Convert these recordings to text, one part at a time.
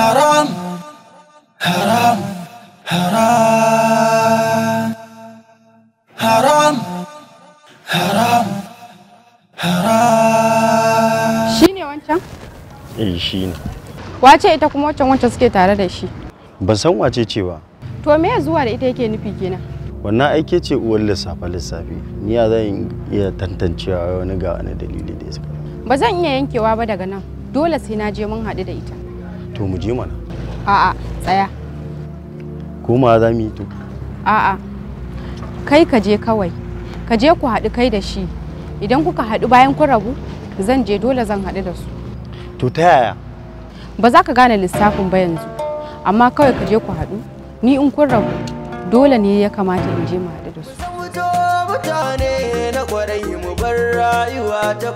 haram haram haram haram haram haram shi ne wancan? eh shi ne wace ita kuma wancan wancan suke tare da shi ban san wace ce ba to me zuwa da ita yake nufi kenan wannan aike ce uwar lissafe lissafi ni ya zan iya tantancewa wani ga wani dalili da ya ba zan iya yankewa ba daga nan dole sai na je mun haɗu da ita to mu je mana a'a tsaya ma za mu yi to a'a kai ka je kawai ka je ku haɗu kai da shi idan kuka haɗu bayan ku rabu zan je dole zan haɗu da su to ta yaya ba za ka gane lissafin ba yanzu amma kawai ka je ku haɗu ni in kun rabu dole ne ya kamata in je mu haɗu da su mutane na kwarai mu bar rayuwa ta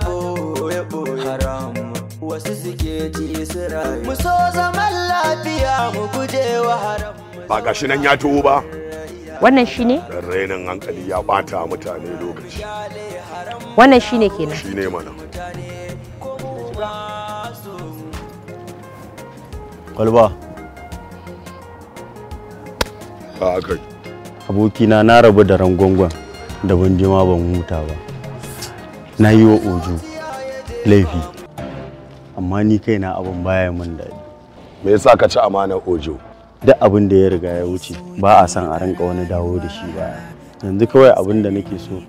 haram wasu suke ci su rayu mu so zaman lafiya mu guje wa haram ba gashi nan ya tuwo ba wannan shine dan rainin hankali ya bata mutane lokaci wannan shine kenan shine mana kwalba a akai abokina na rabu da rangwangwan da ban jima ban huta ba na yi wa ojo laifi amma ni kaina abin baya mun daɗi me yasa ka ci amanar ojo duk abin da ya riga ya wuce ba a son a rinka wani dawo da shi baya yanzu kawai abin da nake so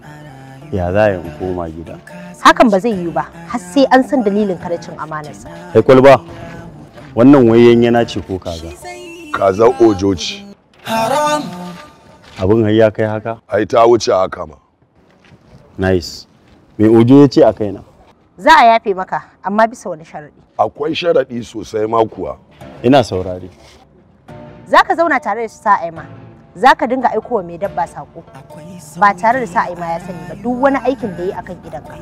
ya za in koma gida hakan ba zai yiwu ba har sai an san dalilin ka cin amanarsa kai kwalba wannan wayen yana ce ko kaza kaza ojo ce haram abin har ya kai haka ai ta wuce haka ma nice me ojo ya ce a kaina za a yafe maka amma bisa wani sharaɗi. Akwai sharaɗi sosai ma kuwa. Ina saurare. Za ka zauna tare da sa'aima, za ka dinga aikowa mai dabba sako, Ba tare da sa'aima ya sani ba duk wani aikin da yi akan gidanka.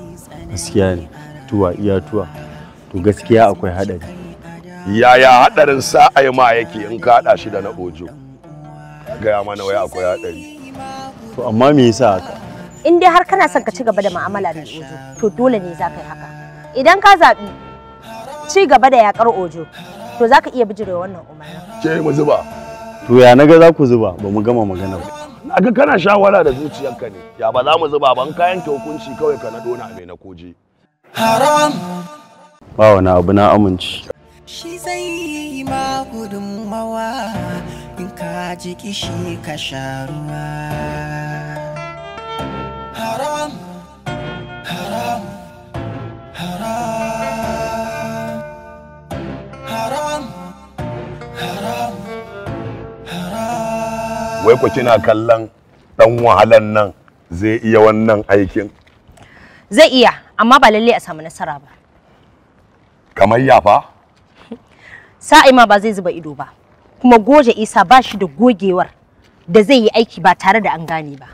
Gaskiya ne, tuwa iya tuwa, to gaskiya akwai haɗari. Yaya haɗarin sa'aima yake in ka haɗa shi da na ojo? Gaya mana wai akwai haɗari. To amma me yasa haka? in dai har kana son ka ci gaba da mu'amala da ojo to dole ne za ka yi haka idan ka zaɓi ci gaba da yakar ojo to za ka iya bijirewa wannan umarni ke mu zuba to ya naga za ku zuba ba mu gama magana ba kana shawara da zuciyarka ne ya ba za mu zuba ban kayan ta hukunci kawai ka na dona mai na koje haram ba wani abu na amince shi zai yi ma gudunmawa in ka ji kishi ka sha haram ku kina kallon dan wahalan nan zai iya wannan aikin zai iya amma ba lalle a samu nasara ba kamar yafa sa'ima ba zai zuba ido ba kuma goje isa ba shi da gogewar da zai yi aiki ba tare da an gane ba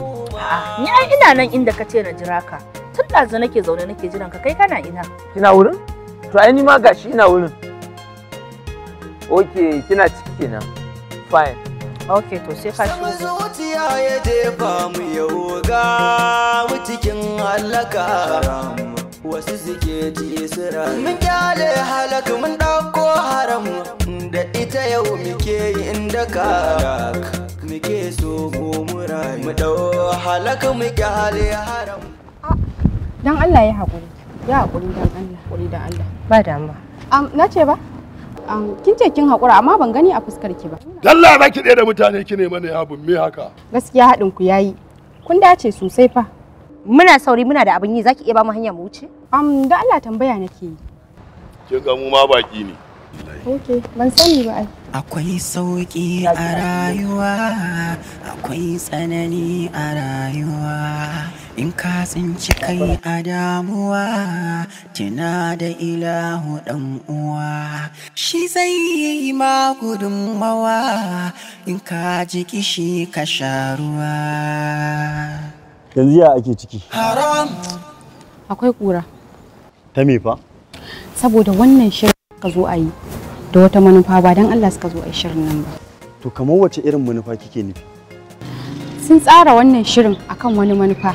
A'a, ni ina nan inda ka ce na jira ka. Tun ɗazu nake zaune nake jiran ka kai kana ina. Kina wurin? To ai ni ma gashi ina wurin. Okay, kina ciki kenan. Fine. Okay, to sai ka shigo. zuciya ya jefa mu yau ga mu cikin halaka. Wasu suke ji sira. Mun kyale halaka mun ɗauko haramu. da ita yau muke yi inda ka muke so mu murayi mu dau halaka mu hali haram dan Allah ya hakuri, ya hakuri dan Allah hakuri dan Allah ba damuwa am na ce ba um, kin ce kin hakura amma ban gani a fuskar ki ba dalla za ki da mutane ki ne mana yabun me haka gaskiya haɗin ku yayi kun dace sosai fa muna sauri muna da abin yi zaki iya ba mu hanya mu wuce am da Allah tambaya nake yi kin ga mu ma baki ne Ok, ban sani ba ai. Akwai sauƙi a rayuwa, akwai tsanani a rayuwa. In ka tsinci kai a damuwa, tuna da ilahu ɗan uwa. Shi zai yi ma gudunmawa, in ka ji kishi ka sha ruwa. Yanzu ya ake ciki. Haram! Akwai ƙura. Ta me fa? Saboda wannan shirin. suka zo a yi da wata manufa ba don Allah suka zo a yi shirin nan ba. To kamar wace irin manufa kike nufi? Sun tsara wannan shirin akan wani manufa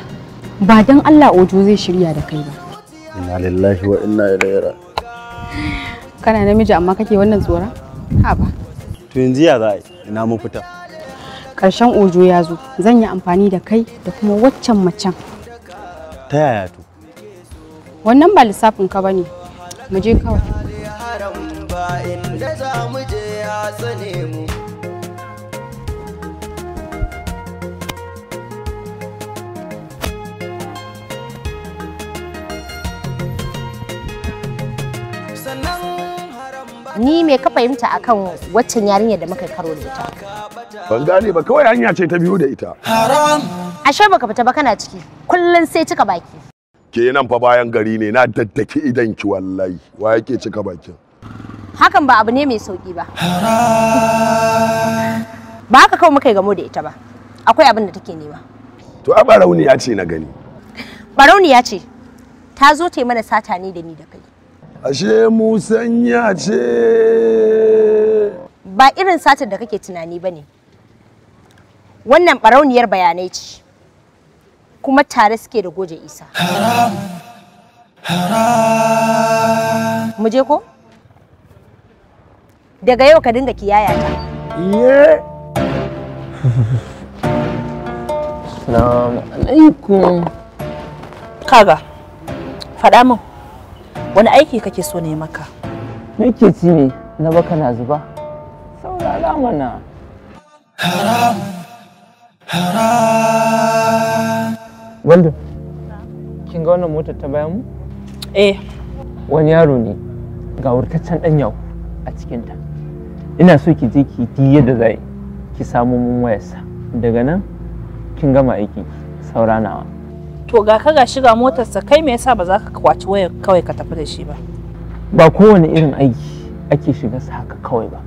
ba don Allah Ojo zai shirya da kai ba. Inna lillahi wa inna ilaihi Kana namiji amma kake wannan tsoron? Ha ba. To yanzu ya za a yi ina mun fita. Karshen Ojo ya zo zan yi amfani da kai da kuma waccan macen. Ta yaya to? Wannan ba lissafin ka bane. Mu je kawai. inda za mu je ya tsane mu ni me ka fahimta akan waccan yarinyar da muka karo da ita ban gane ba kawai hanya ce ta biyu da ita haram ashe baka fita ba kana ciki kullun sai cika baki kenan fa bayan gari ne na daddake idan ki wallahi wa yake cika bakin hakan ba abu ne mai sauki ba ba haka kawai muka gamo da ita ba akwai abin da take nema to a barauniya ce na gani barauniya ce ta zo ta yi mana sata ne da ni da kai ashe musanya ce ba irin satar da kake tunani ba ne wannan barauniyar bayanai ce kuma tare suke da goje isa mu je ko daga yau ka dinga kiyaya ta Assalamu alaikum kaga faɗa min wani aiki kake so ne maka nake ci ne na baka na zuba saurara mana haram haram wanda kin ga wannan motar ta bayan mu eh wani yaro ne ga wurtaccen ɗan yau a cikinta ina so ki je ki yi yadda za ki samu mun wayarsa daga nan kin gama aiki sauranawa to ga ka ga shiga motarsa kai me yasa ba za ka kwaci wayar kawai ka tafi da shi ba ba kowane irin aiki ake shiga sa haka kawai ba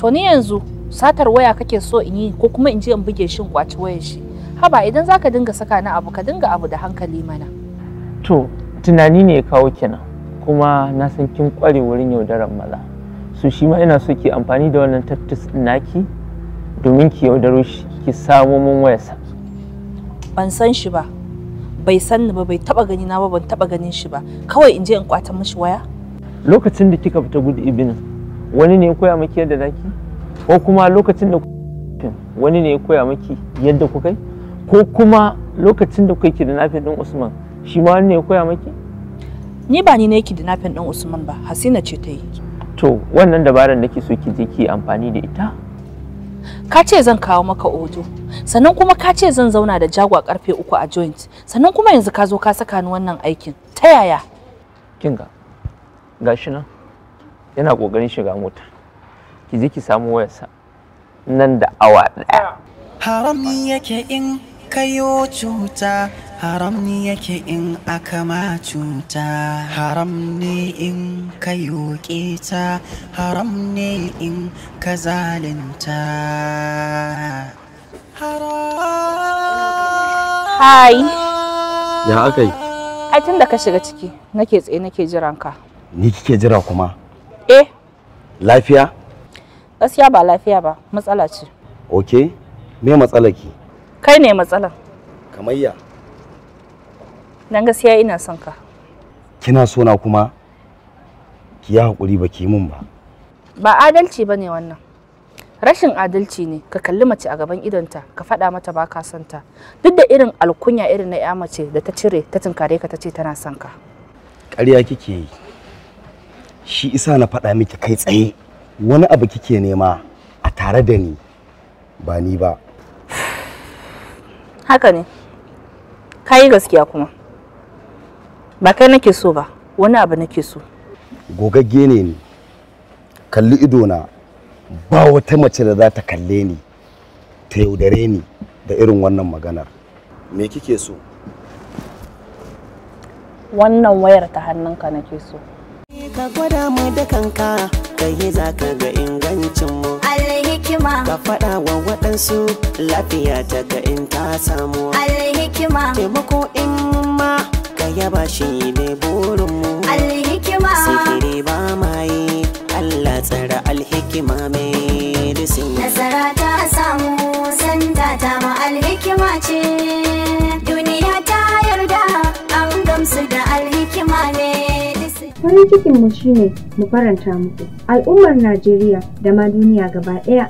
to ni yanzu satar waya kake so in yi ko kuma in je in buge shin kwaci wayar shi haba idan zaka dinga saka na abu ka dinga abu da hankali mana to tunani ne ya kawo kenan kuma na san kin kware wurin yaudarar maza so shi ma ina so ki amfani da wannan tattis naki domin ki yaudaro shi ki samo mun wayarsa ban san shi ba bai san ni ba bai taba gani na ba ban taba ganin shi ba kawai in je in kwata mishi waya lokacin da kika fita gudu ibinin wani ne ya koya miki yadda naki ko kuma lokacin da wani ne ya koya miki yadda ku kai? ko kuma lokacin da kuka da kidnapping din Usman shi ma wani ne ya koya maki ni ba ni ne nafin din Usman ba Hasina ce ta yi to wannan dabarar nake so ki je ki amfani da ita ka ce zan kawo maka ojo sannan kuma ka ce zan zauna da jagwa karfe uku a joint sannan kuma yanzu ka zo ka saka ni wannan aikin ta yaya kinga gashi nan yana kokarin shiga mota ki je ki samu wayarsa nan da awa daya harami yake in kayo cuta haram ni yake in aka ma cuta haram ne in ka yoke ta haram ne in ka zalinta Hai. Ya aka yi? Ai tun da ka shiga ciki nake tsaye nake jiran ka. Ni kike jira kuma? Eh. Lafiya? Gaskiya ba lafiya ba, matsala ce. Okay. Me matsalar ki? Kai ne matsalar. Kamayya. Dan gaskiya ina son ka. Kina so na kuma ki yi hakuri ba ki mun ba. Ba adalci ba ne wannan. Rashin adalci ne ka kalli mace a gaban idonta ka faɗa mata ba ka son ta. Duk da irin alkunya irin na 'ya mace da ta cire ta tunkare ka ta ce tana son ka. Ƙarya kike yi. Shi isa na faɗa miki kai tsaye wani abu kike nema a tare da ni ba ni ba. Haka ne. Ka yi gaskiya kuma. ba kai nake so ba wani abu nake so gogagge ne ni kalli ido na ba wata mace da za ta kalle ni ta yaudare ni da irin wannan maganar me kike so wannan wayar ta hannunka nake so ka gwada mu da kanka ka yi za ka ga ingancin mu alhikima ka faɗa wa waɗansu lafiya ta ga in ta samu alhikima taimako in ma ka yaba shi ne burinmu alhikima sihiri ba ma yi Allah tsara alhikima mai medicine nasara ta samu sanda ta ma alhikima ce duniya ta yarda an gamsu da alhikima ne farin mu shine mu faranta muku al'ummar najeriya da ma duniya gaba ɗaya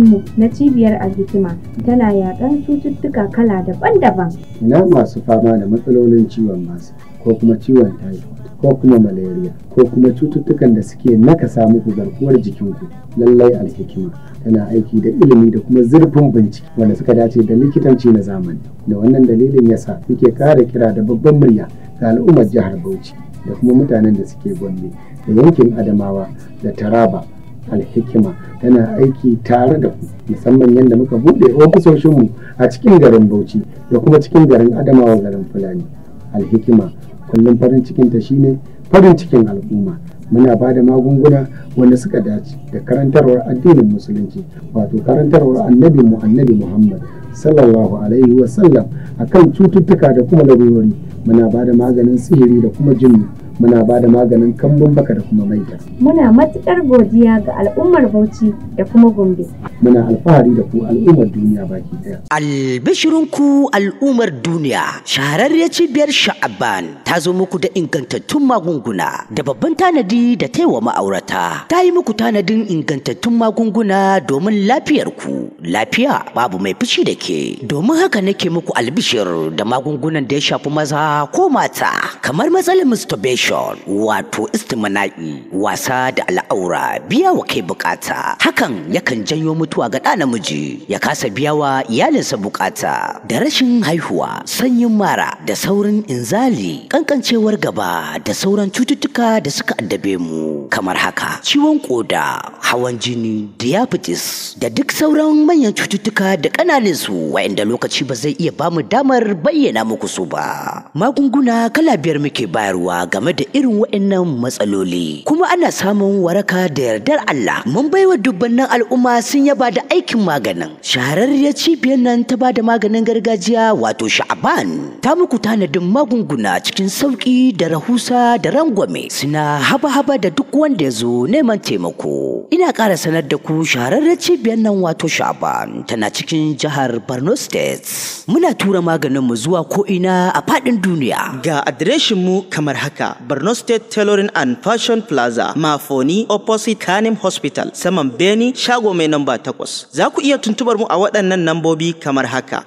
mu na cibiyar alhikima tana yaƙan cututtuka kala daban-daban ina masu fama da matsalolin ciwon masu, ko kuma ciwon typhoid ko kuma malaria ko kuma cututtukan da suke nakasa muku garkuwar jikinku lallai alhikima tana aiki da ilimi da kuma zurfin bincike wanda suka dace da likitanci na zamani da wannan dalilin yasa muke ƙara kira da babban murya ga al'ummar jihar bauchi da kuma mutanen da suke gombe da yankin adamawa da taraba alhikima yana aiki tare da ku musamman yadda muka buɗe ofisoshinmu a cikin garin bauchi da kuma cikin garin adamawa garin fulani alhikima kullum farin cikinta shine farin cikin al'umma muna ba da magunguna wanda suka dace da karantarwar addinin musulunci wato karantarwar annabi mu annabi muhammad sallallahu alaihi wasallam akan cututtuka da kuma larurori muna ba da maganin sihiri da kuma jinnu muna ba da maganin kambun baka da kuma maita. Muna matuƙar godiya ga al'ummar Bauchi da kuma Gombe. Muna alfahari da ku al'ummar duniya baki ɗaya. ku al'ummar duniya shahararriyar cibiyar Sha'aban ta zo muku da ingantattun magunguna da babban tanadi da wa ma'aurata. Ta yi muku tanadin ingantattun magunguna domin lafiyar ku Lafiya babu mai fushi da ke. Domin haka nake muku albishir da magungunan da ya shafi maza ko mata kamar matsalar masturbation masturbation wato istimana'i wasa da al'aura biya wa kai bukata hakan yakan janyo mutuwa ga ɗa namiji ya kasa biya wa iyalinsa bukata da rashin haihuwa sanyin mara da saurin inzali kankancewar gaba da sauran cututtuka da suka addabe mu kamar haka ciwon koda hawan jini diabetes da duk sauran manyan cututtuka da kananin su wa'inda lokaci ba zai iya bamu damar bayyana muku su ba magunguna kala biyar muke bayarwa game da irin waɗannan matsaloli kuma ana samun waraka da yardar Allah mun baiwa nan al'umma sun yaba da aikin maganin shahararriyar cibiyar nan ta ba da maganin gargajiya wato sha'aban ta muku tanadin magunguna cikin sauki da rahusa da rangwame suna haba-haba da duk wanda ya zo neman taimako ina ƙara sanar da ku shahararriyar cibiyar nan wato sha'aban tana cikin jihar Borno State muna tura maganin mu zuwa ko ina a faɗin duniya ga adireshin mu kamar haka Borno State Tailoring and Fashion Plaza, Mafoni, opposite Kanem Hospital, saman Beni, shago mai namba takwas. Za ku iya tuntubar mu a waɗannan nambobi kamar haka.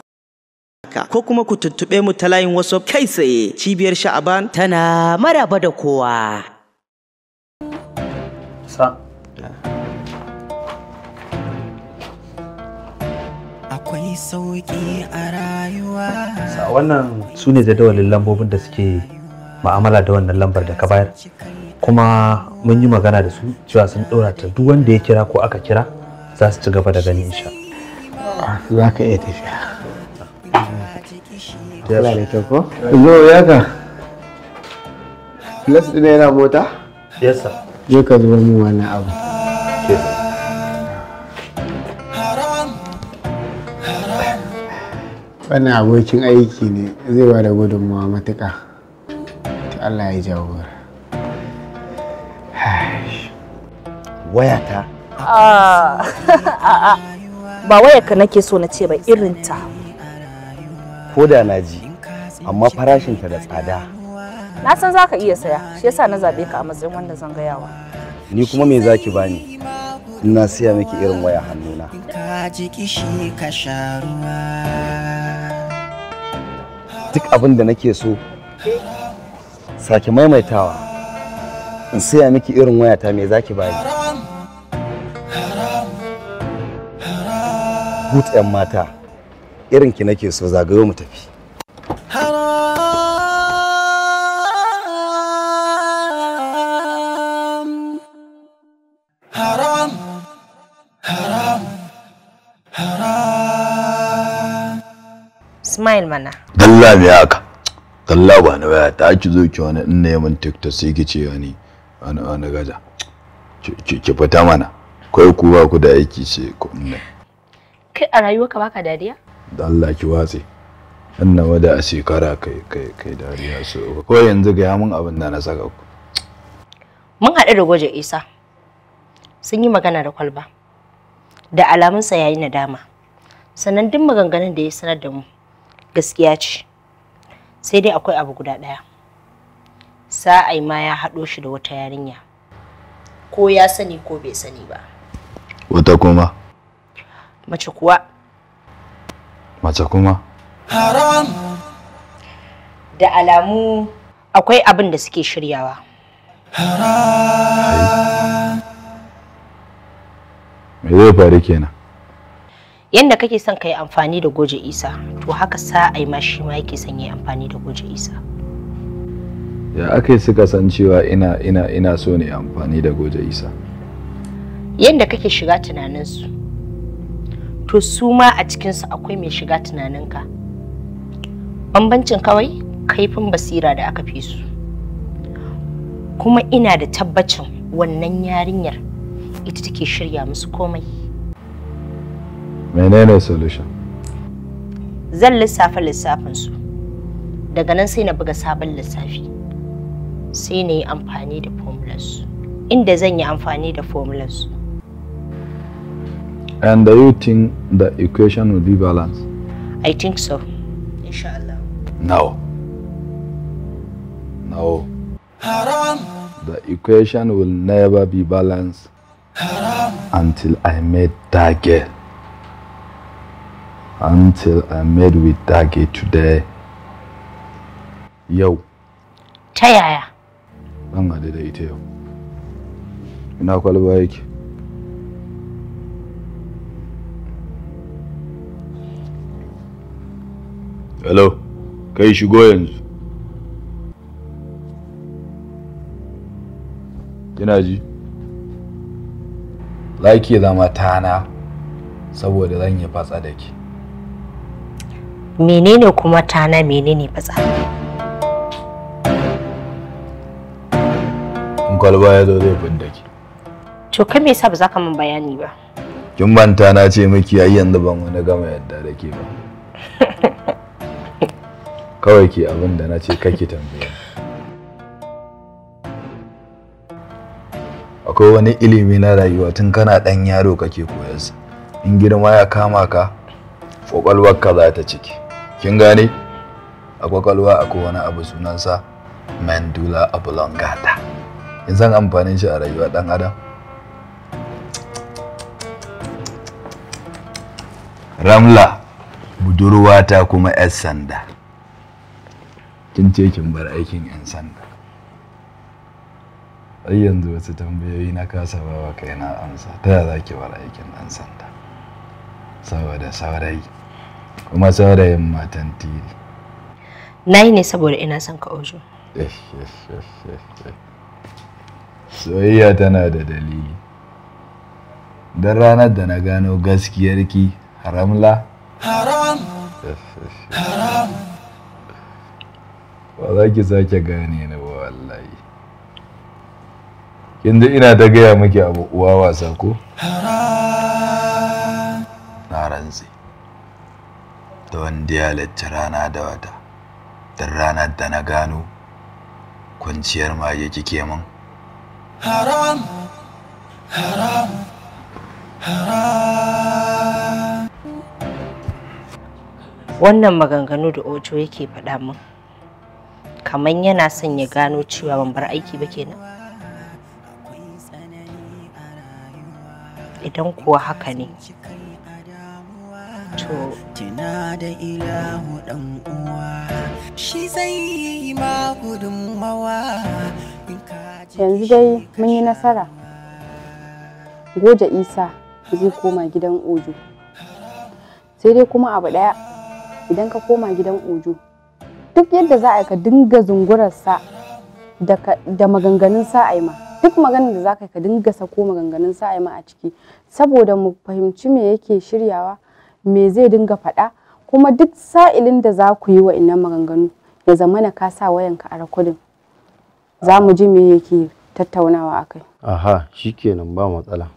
Ko kuma ku tuntuɓe mu ta layin wasu kai tsaye cibiyar sha'aban tana maraba da kowa. Sa. Akwai sauƙi a Sa wannan su ne jadawalin lambobin da suke ma'amala da wannan lambar da ka bayar kuma mun yi magana da su cewa sun dora ta duk wanda ya kira ko aka kira za su ci gaba da gani insha za ka iya tafiya Allah ne ta ko zo ya ka plus din yana mota yes sir je ka zo mu wannan abu wannan abokin aiki ne zai ba da gudunmawa matuƙa Allah ya jagora. Wayata? Ah. Ba wayarka nake so na ce ba irinta. Ko da na ji, amma farashinta da tsada. Na san za ka iya saya, shi yasa na zaɓe ka a matsayin wanda zan gayawa. Ni kuma me za ki bani? Ina siya miki irin waya hannuna. Duk abin da nake so sake maimaitawa in saya miki irin wayata me zaki bayi. gut 'yan mata irin ki nake so zagayo mu tafi Ismail mana. Dalla ne aka? kalla ba na waya ta ki zo ki wani ina yaman tiktok sai ki ce wani wani wani ki fita mana kai ku ba ku da aiki ce ku ina kai a rayuwa ka baka dariya da Allah ki watse ina wada a shekara kai kai kai dariya so ko yanzu ga mun abin da na saka ku mun haɗu da gwaje isa sun yi magana da kwalba da alamunsa ya yi nadama sannan duk maganganun da ya sanar da mu gaskiya ce sai dai akwai abu guda ɗaya sa'ai ma ya haɗo shi da wata yarinya ko ya sani ko bai sani ba wata kuma mace kuwa mace kuma da alamu akwai abin da suke shiryawa haram me zai faru kenan yanda kake son ka yi amfani da goje isa to haka sa ma shi ma yake son yi amfani da goje isa ya aka yi suka san ina ina ina so ne amfani da goje isa yanda kake shiga tunaninsu to su ma a cikinsu akwai mai shiga tunaninka bambancin kawai kaifin basira da aka fi su kuma ina da tabbacin wannan yarinyar ita take shirya musu komai menene solution zan lissafa lissafinsu daga nan sai na buga sabon lissafi sai na yi amfani da formulas inda zan yi amfani da formulas and do you think the equation will be balanced i think so inshallah no no haram the equation will never be balanced haram until i meet that girl until I met with Dage today. Yau. Ta yaya? Ban haɗu da ita yau. Ina kwalba yake. Hello, kai shigo yanzu. Kina ji? Za ki zama tana saboda zan yi fatsa da menene kuma tana menene fitsari kwalba ya zo zai bindaki to kai me yasa ba za ka min bayani ba kin manta na ce miki ai yanzu ban wani gama yadda da ke ba kawai ke abin da na ce kake tambaya akwai wani ilimi na rayuwa tun kana dan yaro kake koyarsa in girma ya kama ka ƙwaƙwalwarka za ta ciki kin gane a kwakwalwa akwai wani abu sunansa mandula oblongata in san amfanin shi a rayuwar dan adam ramla budurwata kuma 'yan sanda kin ce kin bar aikin 'yan sanda ai yanzu wasu tambayoyi na kasa bawa kaina amsa ta yaya za bar aikin 'yan sanda saboda saurayi kuma saurayin matan tiri na yi ne saboda ina son ka ojo eh, eh, eh, soyayya tana da dalili don ranar da na gano gaskiyarki haramla haram haram ba za ki sake gane ni ba wallahi kin ina ta gaya miki abu uwa wasa ko haram da wanda ya halarci rana da wata don ranar da na gano kwanciyar mage kike min haram haram wannan maganganu da ojo yake faɗa min kaman yana son ya gano cewa ban bar aiki ba kenan idan kuwa haka ne tuna da ilahu dan uwa shi zai yi ma yanzu dai mun yi nasara goja isa zai koma gidan ojo sai dai kuma abu daya idan ka koma gidan ojo duk yadda za a ka dinga zungurarsa da maganganun ma, duk maganin da za ka ka dinga sako maganganun ma a ciki saboda mu fahimci me yake shiryawa me zai dinga faɗa kuma duk sa'ilin da za ku yi wa inan maganganu ya zama na kasa wayanka a rakudin za mu ji me yake tattaunawa a kai. Aha kenan ba matsala.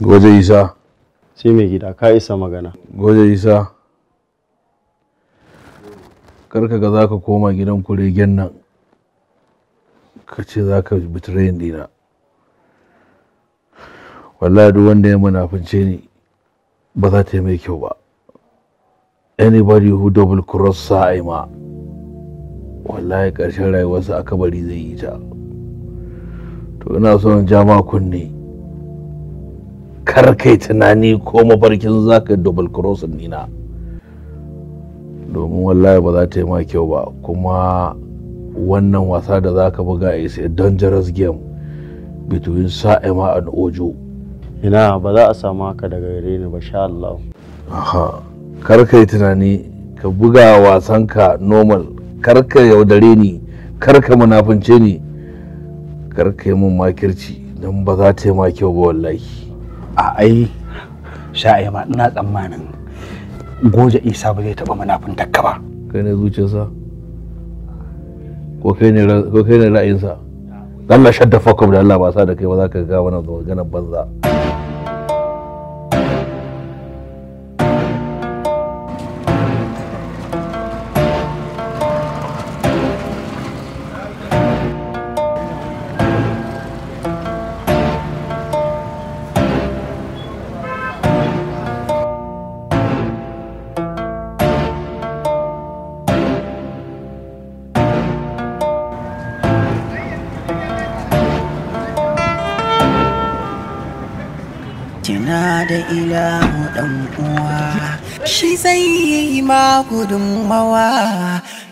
Goje Isa. Sai mai gida ka isa magana. Goje Isa. Karka ga za ka koma gidan kuregen nan ka ce za ka bi dina. Wallahi duk wanda ya manafince ni ba za ta yi mai kyau ba anybody who double cross sa'ima wallahi ƙarshen rayuwarsa a kabari zai yi ta to ina son in ja ma kunne kar kai tunani ko mafarkin za ka double cross nina domin wallahi ba za ta yi ma kyau ba kuma wannan wasa da za ka buga is a dangerous game between sa'ima and ojo ina ba za a samu haka daga gare ni ba sha Allah aha kar ka yi tunani ka buga wasan ka normal kar ka yaudare ni kar ka munafince ni kar ka yi min makirci don ba za ta yi ma kyau ba wallahi a ai sha'ai ma ina tsammanin goje isa ba zai taɓa munafin ka ba kai ne zuciyarsa ko kai ne ra'ayinsa Allah shadda fakwam da Allah ba sa da kai ba za ka ga wani ganin banza. da ilahu dan uwa shi zai yi ma gudunmawa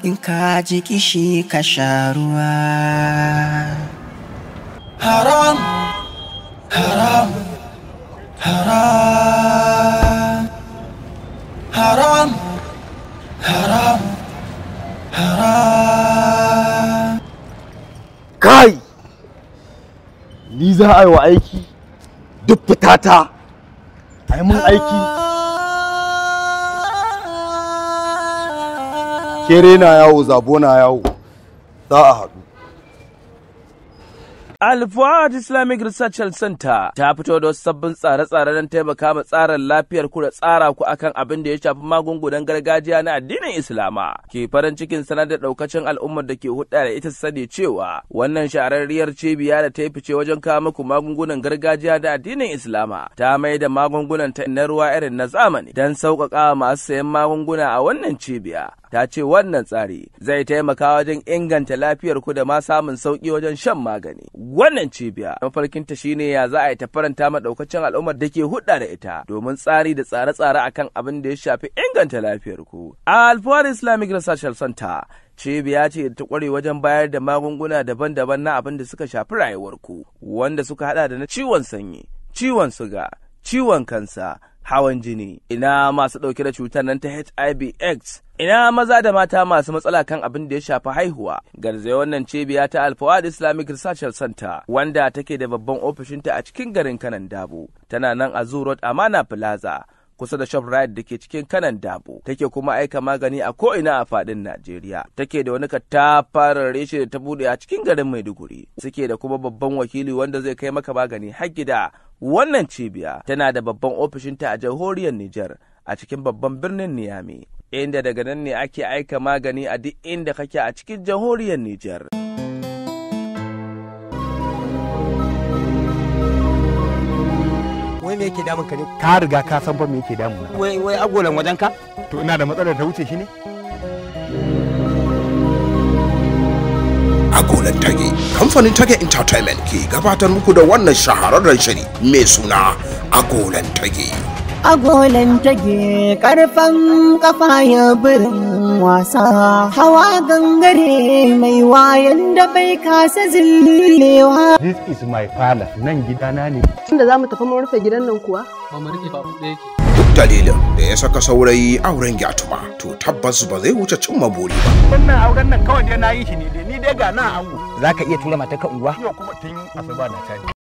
in ka ji kishi ka sha ruwa haram haram haram haram haram haram kai ni za a yi wa aiki duk fitata ai mun aiki kere na yawo zabo na yawo za a haɗu Al-Fuad Islamic Research Center ta fito da wasu sabbin tsare-tsare don taimaka ma tsarin lafiyar ku da tsara ku akan abin da ya shafi magungunan gargajiya na addinin Islama. Ke farin cikin sanar da daukacin al'ummar da ke hudda da ita sani cewa wannan shahararriyar cibiya da ta fice wajen kawo muku magungunan gargajiya da addinin Islama ta mai da magungunan ta na ruwa irin na zamani don sauƙaƙa masu sayan magunguna a wannan cibiya. ta ce wannan tsari zai taimaka wajen inganta lafiyar ku da ma samun sauƙi wajen shan magani. wannan cibiya. Mafarkinta shine ya za a yi ta faranta maɗaukacin al'ummar da ke hudda da ita domin tsari da tsare-tsare akan abin da ya shafi inganta lafiyar ku. Alfawar Islamic Research Center cibiya ce da ta kware wajen bayar da magunguna daban-daban na abin da suka shafi rayuwar ku wanda suka hada da na ciwon sanyi, ciwon suga, ciwon kansa, hawan jini ina masu ɗauke da cutar nan ta hiv x ina maza da mata masu matsala kan abin da ya shafi haihuwa garzai wannan cibiya ta alfawad islamic research center wanda take da babban ofishinta a cikin garin kanan dabo tana nan a zoo road amana plaza kusa da shoprite da ke cikin kanan dabo take kuma aika magani a ko ina a fadin najeriya take da wani katafarar reshe da ta buɗe a cikin garin maiduguri suke da kuma babban wakili wanda zai kai maka magani har gida wannan cibiya tana da babban ofishinta a jamhuriyar niger a cikin babban birnin niyami inda daga nan ne ake aika magani a duk inda kake a cikin jamhuriyar niger wai me yake damun ka ne ka riga ka san fa me yake damun wai wai agolan wajen ka to ina da matsalar ta wuce shi ne agolan tage kamfanin tage entertainment ke gabatar muku da wannan shahararren shiri mai suna agolan tage agolan tage karfan kafa ya birin wasa hawa gangare mai wayan da bai kasa zillewa this is my father nan gidana ne tunda zamu tafi mu rufe gidan nan kuwa ba mu rufe babu ɗaya ke duk dalilin da ya saka saurayi auren gyatuma to tabbas ba zai wuce cimma buri ba wannan auren nan kawai dai na yi shi ne dai ni dai ga na ango zaka iya tura matarka unguwa yau kuma tun asuba na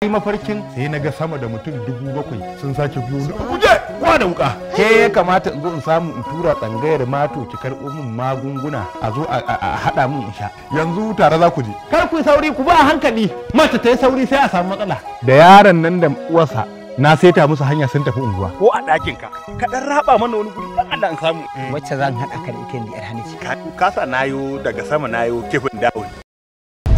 yi mafarkin sai na ga sama da mutum dubu bakwai sun sake biyo ni kuje kwa da wuka ke ya kamata in zo in samu in tura tsangayar mato ki karɓo min magunguna a zo a haɗa min in sha yanzu tare za ku je kar ku sauri ku ba hankali mace ta yi sauri sai a samu matsala da yaron nan da uwarsa na saita musu hanya sun tafi unguwa ko a ɗakin ka ka ɗan raba mana wani guri dan Allah in samu wacce zan haɗa ka da ita ne yar hanci ka kasa nayo daga sama nayo kifin dawo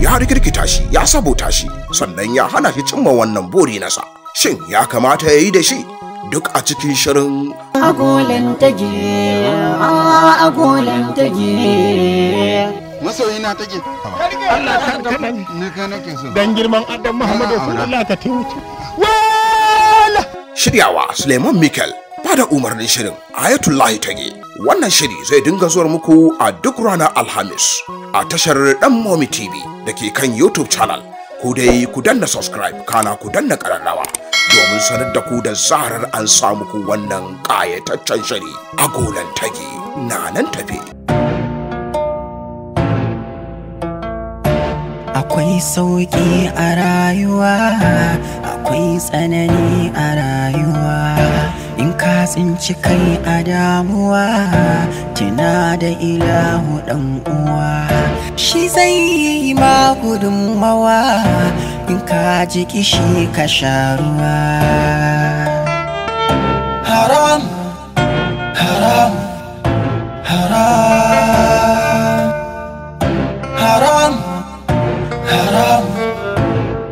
ya rigirkita shi ya sabota shi sannan ya hana shi cimma wannan buri nasa shin ya kamata ya yi da shi duk a cikin shirin agolan tage agolan tage masoyi na take Allah ta ka ne ka nake so dan girman adam Muhammadu sallallahu alaihi wasallam wala shiryawa Suleiman Mikel ba da umarnin shirin ayatullahi tage wannan shiri zai dinga zuwa muku a duk ranar alhamis a tashar dan momi tv da ke kan youtube channel ku dai ku danna subscribe kana ku danna kararrawa domin sanar da ku da zarar an samu ku wannan kayataccen shiri a tage na nan tafe akwai sauki a rayuwa akwai tsanani a rayuwa ka tsinci kai a damuwa tina da ilahu dan uwa shi zai yi ma mawa in ka ji kishi ka sha ruwa haram haram haram